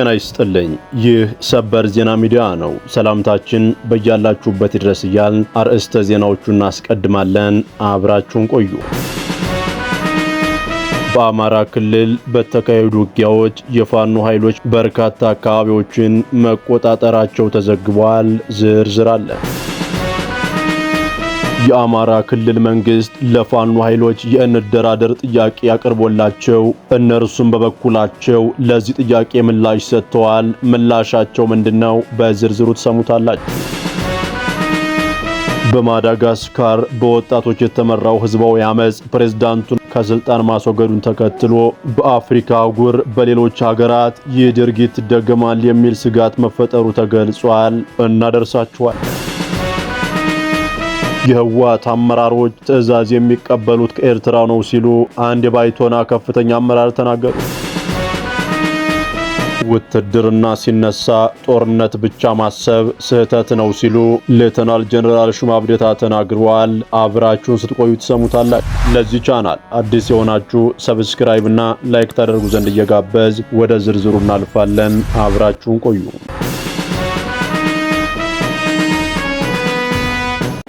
ጤና ይስጥልኝ። ይህ ሰበር ዜና ሚዲያ ነው። ሰላምታችን በያላችሁበት ይድረስ እያል አርዕስተ ዜናዎቹን እናስቀድማለን። አብራችሁን ቆዩ። በአማራ ክልል በተካሄዱ ውጊያዎች የፋኖ ኃይሎች በርካታ አካባቢዎችን መቆጣጠራቸው ተዘግቧል። ዝርዝር አለ። የአማራ ክልል መንግስት ለፋኖ ኃይሎች የእንደራደር ጥያቄ አቅርቦላቸው እነርሱም በበኩላቸው ለዚህ ጥያቄ ምላሽ ሰጥተዋል። ምላሻቸው ምንድነው? በዝርዝሩ ትሰሙታላችሁ። በማዳጋስካር በወጣቶች የተመራው ህዝባዊ አመፅ ፕሬዝዳንቱን ከስልጣን ማስወገዱን ተከትሎ በአፍሪካ አህጉር በሌሎች ሀገራት ይህ ድርጊት ደገማል የሚል ስጋት መፈጠሩ ተገልጿል። እናደርሳችኋል። የህወሓት አመራሮች ትዕዛዝ የሚቀበሉት ከኤርትራ ነው ሲሉ አንድ የባይቶና ከፍተኛ አመራር ተናገሩ። ውትድርና ሲነሳ ጦርነት ብቻ ማሰብ ስህተት ነው ሲሉ ሌተናል ጀነራል ሹማ ተናግረዋል። አብራችሁን ስትቆዩ ትሰሙታላችሁ። ለዚህ ቻናል አዲስ የሆናችሁ ሰብስክራይብ እና ላይክ ታደርጉ ዘንድ እየጋበዝ ወደ ዝርዝሩ እናልፋለን። አብራችሁን ቆዩ።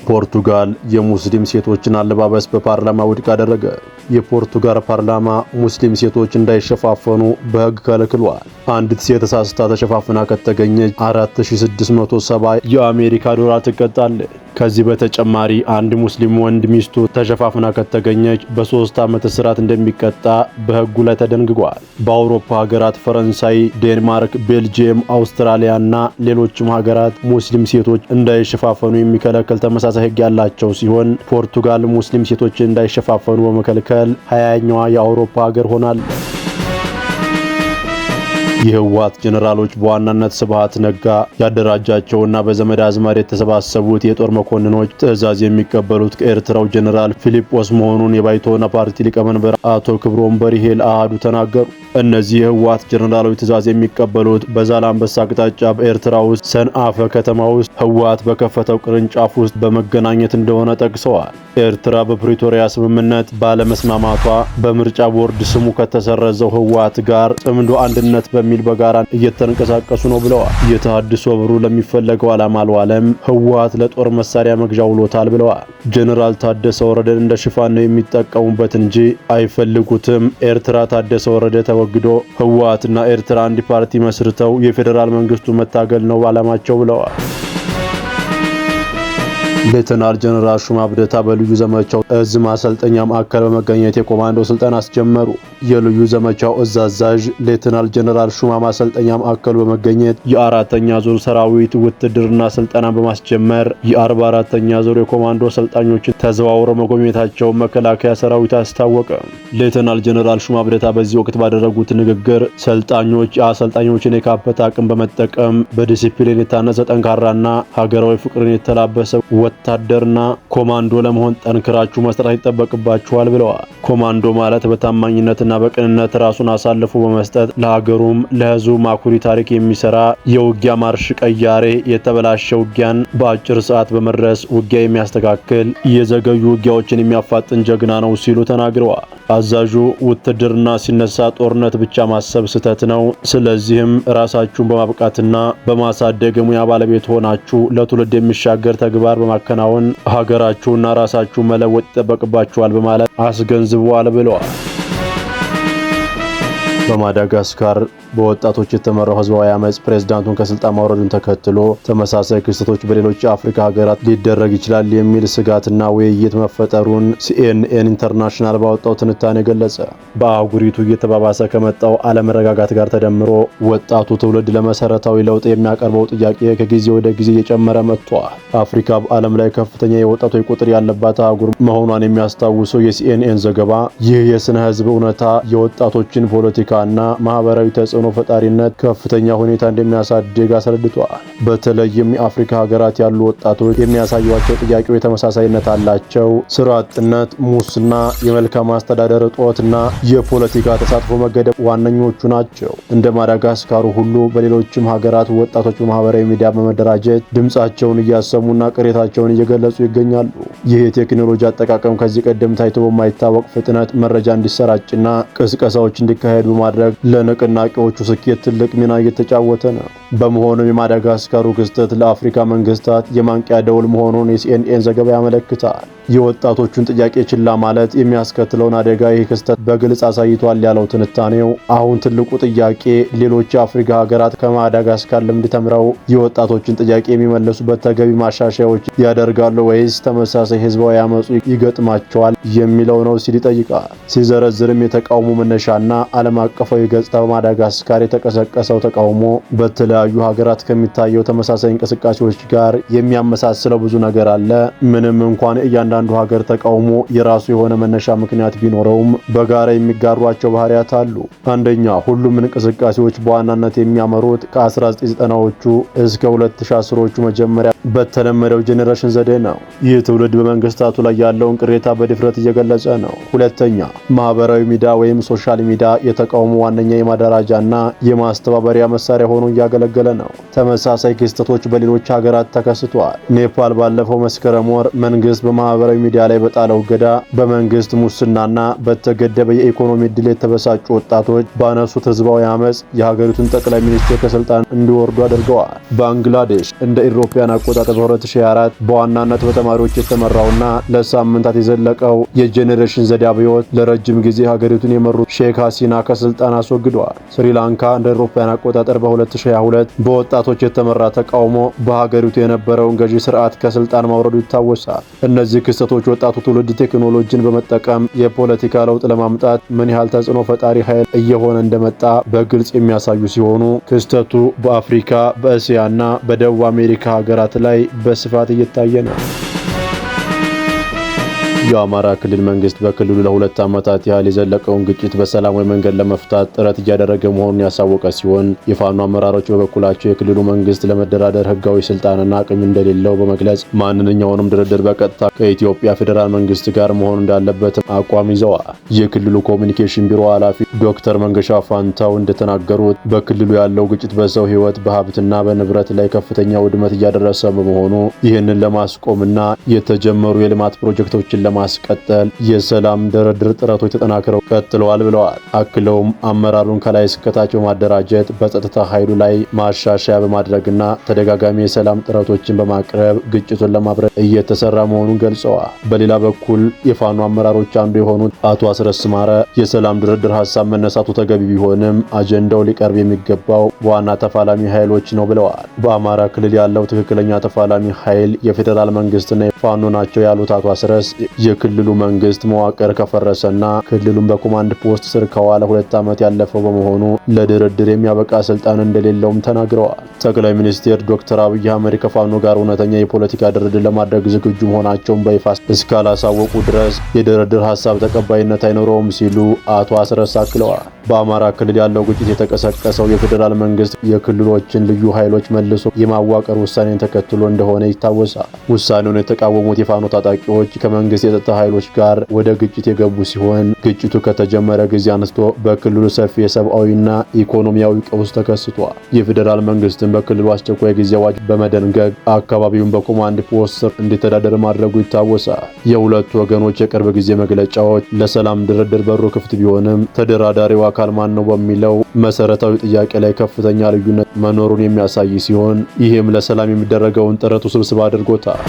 ፖርቱጋል የሙስሊም ሴቶችን አለባበስ በፓርላማ ውድቅ አደረገ። የፖርቱጋል ፓርላማ ሙስሊም ሴቶች እንዳይሸፋፈኑ በሕግ ከልክሏል። አንዲት ሴት ተሳስታ ተሸፋፍና ከተገኘች 4670 የአሜሪካ ዶላር ትቀጣለች። ከዚህ በተጨማሪ አንድ ሙስሊም ወንድ ሚስቱ ተሸፋፍና ከተገኘች በሶስት ዓመት እስራት እንደሚቀጣ በህጉ ላይ ተደንግጓል። በአውሮፓ ሀገራት ፈረንሳይ፣ ዴንማርክ፣ ቤልጅየም፣ አውስትራሊያ እና ሌሎችም ሀገራት ሙስሊም ሴቶች እንዳይሸፋፈኑ የሚከለከል ተመሳሳይ ህግ ያላቸው ሲሆን ፖርቱጋል ሙስሊም ሴቶች እንዳይሸፋፈኑ በመከልከል ሀያኛዋ የአውሮፓ ሀገር ሆናለች። የህወሓት ጀነራሎች በዋናነት ስብሃት ነጋ ያደራጃቸውና በዘመድ አዝማድ የተሰባሰቡት የጦር መኮንኖች ትዕዛዝ የሚቀበሉት ከኤርትራው ጀነራል ፊሊጶስ መሆኑን የባይቶና ፓርቲ ሊቀመንበር አቶ ክብሮም በርሄ ለአሃዱ ተናገሩ። እነዚህ የህወሓት ጀነራሎች ትዕዛዝ የሚቀበሉት በዛላምበሳ አቅጣጫ በኤርትራ ውስጥ ሰንአፈ ከተማ ውስጥ ህወሓት በከፈተው ቅርንጫፍ ውስጥ በመገናኘት እንደሆነ ጠቅሰዋል። ኤርትራ በፕሪቶሪያ ስምምነት ባለመስማማቷ በምርጫ ቦርድ ስሙ ከተሰረዘው ህወሓት ጋር ጽምዶ አንድነት በሚ በሚል በጋራ እየተንቀሳቀሱ ነው ብለዋል። የተሃድሶ ብሩ ለሚፈለገው ዓላማ አልዋለም፣ ህወሓት ለጦር መሳሪያ መግዣ ውሎታል ብለዋል። ጀኔራል ታደሰ ወረደን እንደ ሽፋን ነው የሚጠቀሙበት እንጂ አይፈልጉትም። ኤርትራ ታደሰ ወረደ ተወግዶ ህወሓትና ኤርትራ አንድ ፓርቲ መስርተው የፌዴራል መንግስቱ መታገል ነው ዓላማቸው ብለዋል። ሌተናል ጀነራል ሹማ ብደታ በልዩ ዘመቻው እዝ ማሰልጠኛ ማዕከል በመገኘት የኮማንዶ ስልጠና አስጀመሩ። የልዩ ዘመቻው እዝ አዛዥ ሌተናል ጀነራል ሹማ ማሰልጠኛ ማዕከሉ በመገኘት የአራተኛ ዞን ሰራዊት ውትድርና ስልጠናን በማስጀመር የአርባ አራተኛ ዞር የኮማንዶ ሰልጣኞች ተዘዋውረው መጎብኘታቸውን መከላከያ ሰራዊት አስታወቀ። ሌተናል ጀነራል ሹማ ብደታ በዚህ ወቅት ባደረጉት ንግግር ሰልጣኞች የአሰልጣኞችን የካበተ አቅም በመጠቀም በዲሲፕሊን የታነጸ ጠንካራና ሀገራዊ ፍቅርን የተላበሰ ወታደርና ኮማንዶ ለመሆን ጠንክራችሁ መስራት ይጠበቅባችኋል ብለዋል። ኮማንዶ ማለት በታማኝነትና በቅንነት ራሱን አሳልፎ በመስጠት ለሀገሩም ለሕዝቡም ማኩሪ ታሪክ የሚሰራ የውጊያ ማርሽ ቀያሬ፣ የተበላሸ ውጊያን በአጭር ሰዓት በመድረስ ውጊያ የሚያስተካክል፣ የዘገዩ ውጊያዎችን የሚያፋጥን ጀግና ነው ሲሉ ተናግረዋል። አዛዡ ውትድርና ሲነሳ ጦርነት ብቻ ማሰብ ስህተት ነው። ስለዚህም ራሳችሁን በማብቃትና በማሳደግ ሙያ ባለቤት ሆናችሁ ለትውልድ የሚሻገር ተግባር በማ ማከናወን፣ ሀገራችሁና ራሳችሁ መለወጥ ይጠበቅባችኋል በማለት አስገንዝበዋል ብለዋል። በማዳጋስካር በወጣቶች የተመራው ህዝባዊ አመፅ ፕሬዝዳንቱን ከስልጣን ማውረዱን ተከትሎ ተመሳሳይ ክስተቶች በሌሎች የአፍሪካ ሀገራት ሊደረግ ይችላል የሚል ስጋትና ውይይት መፈጠሩን ሲኤንኤን ኢንተርናሽናል ባወጣው ትንታኔ ገለጸ። በአህጉሪቱ እየተባባሰ ከመጣው አለመረጋጋት ጋር ተደምሮ ወጣቱ ትውልድ ለመሰረታዊ ለውጥ የሚያቀርበው ጥያቄ ከጊዜ ወደ ጊዜ እየጨመረ መጥቷል። አፍሪካ በዓለም ላይ ከፍተኛ የወጣቶች ቁጥር ያለባት አህጉር መሆኗን የሚያስታውሰው የሲኤንኤን ዘገባ ይህ የስነ ህዝብ እውነታ የወጣቶችን ፖለቲካና ማህበራዊ ተጽዕኖ ተጽዕኖ ፈጣሪነት ከፍተኛ ሁኔታ እንደሚያሳድግ አስረድቷል። በተለይም የአፍሪካ ሀገራት ያሉ ወጣቶች የሚያሳዩቸው ጥያቄዎች ተመሳሳይነት አላቸው። ስራ አጥነት፣ ሙስና፣ የመልካም አስተዳደር እጦትና የፖለቲካ ተሳትፎ መገደብ ዋነኞቹ ናቸው። እንደ ማዳጋስካሩ ሁሉ በሌሎችም ሀገራት ወጣቶች በማህበራዊ ሚዲያ በመደራጀት ድምፃቸውን እያሰሙና ቅሬታቸውን እየገለጹ ይገኛሉ። ይህ የቴክኖሎጂ አጠቃቀም ከዚህ ቀደም ታይቶ በማይታወቅ ፍጥነት መረጃ እንዲሰራጭና ቅስቀሳዎች እንዲካሄዱ በማድረግ ለንቅናቄዎች ስኬት ትልቅ ሚና እየተጫወተ ነው። በመሆኑም የማዳጋስካሩ ክስተት ለአፍሪካ መንግስታት የማንቂያ ደውል መሆኑን የሲኤንኤን ዘገባ ያመለክታል። የወጣቶቹን ጥያቄ ችላ ማለት የሚያስከትለውን አደጋ ይህ ክስተት በግልጽ አሳይቷል ያለው ትንታኔው፣ አሁን ትልቁ ጥያቄ ሌሎች የአፍሪካ ሀገራት ከማዳጋስካር ልምድ ተምረው የወጣቶችን ጥያቄ የሚመለሱበት ተገቢ ማሻሻያዎች ያደርጋሉ ወይስ ተመሳሳይ ህዝባዊ ያመፁ ይገጥማቸዋል የሚለው ነው ሲል ይጠይቃል። ሲዘረዝርም የተቃውሞ መነሻና ዓለም አቀፋዊ ገጽታ በማዳጋስካር የተቀሰቀሰው ተቃውሞ በትለ በተለያዩ ሀገራት ከሚታየው ተመሳሳይ እንቅስቃሴዎች ጋር የሚያመሳስለው ብዙ ነገር አለ። ምንም እንኳን እያንዳንዱ ሀገር ተቃውሞ የራሱ የሆነ መነሻ ምክንያት ቢኖረውም በጋራ የሚጋሯቸው ባህሪያት አሉ። አንደኛ፣ ሁሉም እንቅስቃሴዎች በዋናነት የሚያመሩት ከ1990ዎቹ እስከ 2010ዎቹ መጀመሪያ በተለመደው ጄኔሬሽን ዘዴ ነው። ይህ ትውልድ በመንግስታቱ ላይ ያለውን ቅሬታ በድፍረት እየገለጸ ነው። ሁለተኛ፣ ማህበራዊ ሚዲያ ወይም ሶሻል ሚዲያ የተቃውሞ ዋነኛ የማደራጃና የማስተባበሪያ መሳሪያ ሆኖ እያገለ እያገለገለ ነው። ተመሳሳይ ክስተቶች በሌሎች ሀገራት ተከስተዋል። ኔፓል ባለፈው መስከረም ወር መንግስት በማህበራዊ ሚዲያ ላይ በጣለው እገዳ በመንግስት ሙስናና በተገደበ የኢኮኖሚ እድል የተበሳጩ ወጣቶች ባነሱት ህዝባዊ አመፅ የሀገሪቱን ጠቅላይ ሚኒስትር ከስልጣን እንዲወርዱ አድርገዋል። ባንግላዴሽ እንደ ኢሮፓያን አቆጣጠር በ2004 በዋናነት በተማሪዎች የተመራውና ለሳምንታት የዘለቀው የጄኔሬሽን ዘዴ አብዮት ለረጅም ጊዜ ሀገሪቱን የመሩት ሼክ ሀሲና ከስልጣን አስወግደዋል። ስሪላንካ እንደ ኢሮፓያን አቆጣጠር በ2022 በወጣቶች የተመራ ተቃውሞ በሀገሪቱ የነበረውን ገዢ ስርዓት ከስልጣን ማውረዱ ይታወሳል። እነዚህ ክስተቶች ወጣቱ ትውልድ ቴክኖሎጂን በመጠቀም የፖለቲካ ለውጥ ለማምጣት ምን ያህል ተጽዕኖ ፈጣሪ ኃይል እየሆነ እንደመጣ በግልጽ የሚያሳዩ ሲሆኑ ክስተቱ በአፍሪካ በእስያና በደቡብ አሜሪካ ሀገራት ላይ በስፋት እየታየ ነው። የአማራ ክልል መንግስት በክልሉ ለሁለት ዓመታት ያህል የዘለቀውን ግጭት በሰላማዊ መንገድ ለመፍታት ጥረት እያደረገ መሆኑን ያሳወቀ ሲሆን የፋኖ አመራሮች በበኩላቸው የክልሉ መንግስት ለመደራደር ህጋዊ ስልጣንና አቅም እንደሌለው በመግለጽ ማንኛውንም ድርድር በቀጥታ ከኢትዮጵያ ፌዴራል መንግስት ጋር መሆኑ እንዳለበት አቋም ይዘዋል። የክልሉ ኮሚኒኬሽን ቢሮ ኃላፊ ዶክተር መንገሻ ፋንታው እንደተናገሩት በክልሉ ያለው ግጭት በሰው ህይወት በሀብትና በንብረት ላይ ከፍተኛ ውድመት እያደረሰ በመሆኑ ይህንን ለማስቆምና የተጀመሩ የልማት ፕሮጀክቶችን ለማ በማስቀጠል የሰላም ድርድር ጥረቶች ተጠናክረው ቀጥለዋል ብለዋል። አክለውም አመራሩን ከላይ እስከታች በማደራጀት በጸጥታ ኃይሉ ላይ ማሻሻያ በማድረግና ተደጋጋሚ የሰላም ጥረቶችን በማቅረብ ግጭቱን ለማብረድ እየተሰራ መሆኑን ገልጸዋል። በሌላ በኩል የፋኖ አመራሮች አንዱ የሆኑት አቶ አስረስ ማረ የሰላም ድርድር ሀሳብ መነሳቱ ተገቢ ቢሆንም አጀንዳው ሊቀርብ የሚገባው በዋና ተፋላሚ ኃይሎች ነው ብለዋል። በአማራ ክልል ያለው ትክክለኛ ተፋላሚ ኃይል የፌዴራል መንግስትና የፋኖ ናቸው ያሉት አቶ አስረስ የክልሉ መንግስት መዋቅር ከፈረሰና ክልሉን በኮማንድ ፖስት ስር ከዋለ ሁለት ዓመት ያለፈው በመሆኑ ለድርድር የሚያበቃ ስልጣን እንደሌለውም ተናግረዋል። ጠቅላይ ሚኒስትር ዶክተር አብይ አህመድ ከፋኖ ጋር እውነተኛ የፖለቲካ ድርድር ለማድረግ ዝግጁ መሆናቸውን በይፋ እስካላሳወቁ ድረስ የድርድር ሀሳብ ተቀባይነት አይኖረውም ሲሉ አቶ አስረስ አክለዋል። በአማራ ክልል ያለው ግጭት የተቀሰቀሰው የፌዴራል መንግስት የክልሎችን ልዩ ኃይሎች መልሶ የማዋቀር ውሳኔን ተከትሎ እንደሆነ ይታወሳል። ውሳኔውን የተቃወሙት የፋኖ ታጣቂዎች ከመንግስት ከጸጥታ ኃይሎች ጋር ወደ ግጭት የገቡ ሲሆን ግጭቱ ከተጀመረ ጊዜ አንስቶ በክልሉ ሰፊ የሰብአዊና ኢኮኖሚያዊ ቀውስ ተከስቷል። የፌዴራል መንግስትን በክልሉ አስቸኳይ ጊዜ አዋጅ በመደንገግ አካባቢውን በኮማንድ ፖስት ስር እንዲተዳደር ማድረጉ ይታወሳል። የሁለቱ ወገኖች የቅርብ ጊዜ መግለጫዎች ለሰላም ድርድር በሩ ክፍት ቢሆንም ተደራዳሪው አካል ማን ነው በሚለው መሰረታዊ ጥያቄ ላይ ከፍተኛ ልዩነት መኖሩን የሚያሳይ ሲሆን ይህም ለሰላም የሚደረገውን ጥረት ውስብስብ አድርጎታል።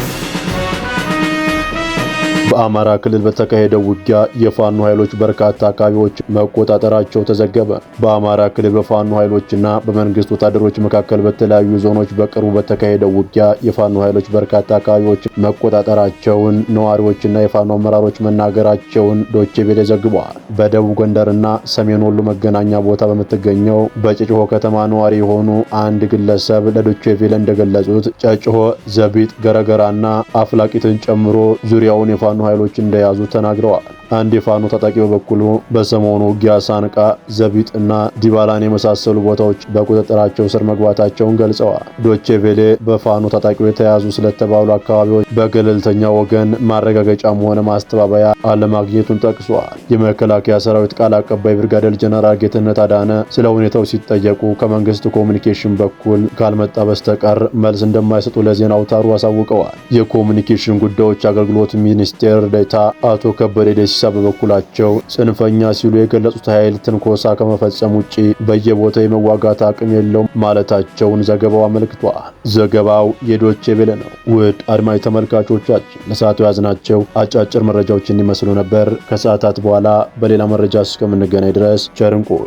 በአማራ ክልል በተካሄደው ውጊያ የፋኖ ኃይሎች በርካታ አካባቢዎች መቆጣጠራቸው ተዘገበ። በአማራ ክልል በፋኖ ኃይሎችና በመንግስት ወታደሮች መካከል በተለያዩ ዞኖች በቅርቡ በተካሄደው ውጊያ የፋኖ ኃይሎች በርካታ አካባቢዎች መቆጣጠራቸውን ነዋሪዎችና የፋኖ አመራሮች መናገራቸውን ዶቼ ቬለ ዘግቧል። በደቡብ ጎንደርና ሰሜን ወሎ መገናኛ ቦታ በምትገኘው በጨጭሆ ከተማ ነዋሪ የሆኑ አንድ ግለሰብ ለዶቼ ቬለ እንደገለጹት ጨጭሆ፣ ዘቢጥ፣ ገረገራና አፍላቂትን ጨምሮ ዙሪያውን የፋኖ ኃይሎች እንደያዙ ተናግረዋል። አንድ የፋኖ ታጣቂ በበኩሉ በሰሞኑ ውጊያ ሳንቃ፣ ዘቢጥ እና ዲባላን የመሳሰሉ ቦታዎች በቁጥጥራቸው ስር መግባታቸውን ገልጸዋል። ዶቼ ቬሌ በፋኖ ታጣቂው የተያዙ ስለተባሉ አካባቢዎች በገለልተኛ ወገን ማረጋገጫም ሆነ ማስተባበያ አለማግኘቱን ጠቅሷል። የመከላከያ ሰራዊት ቃል አቀባይ ብርጋዴር ጀነራል ጌትነት አዳነ ስለ ሁኔታው ሲጠየቁ ከመንግስት ኮሚኒኬሽን በኩል ካልመጣ በስተቀር መልስ እንደማይሰጡ ለዜና አውታሩ አሳውቀዋል። የኮሚኒኬሽን ጉዳዮች አገልግሎት ሚኒስቴር ዴታ አቶ ከበደ ደስ ኢብሳ በበኩላቸው ጽንፈኛ ሲሉ የገለጹት ኃይል ትንኮሳ ከመፈጸም ውጪ በየቦታው የመዋጋት አቅም የለውም ማለታቸውን ዘገባው አመልክቷል። ዘገባው የዶቼ ቬለ ነው። ውድ አድማጭ ተመልካቾቻችን ለሰዓቱ ናቸው። አጫጭር መረጃዎች እንዲመስሉ ነበር። ከሰዓታት በኋላ በሌላ መረጃ እስከምንገናኝ ድረስ ቸርንቆ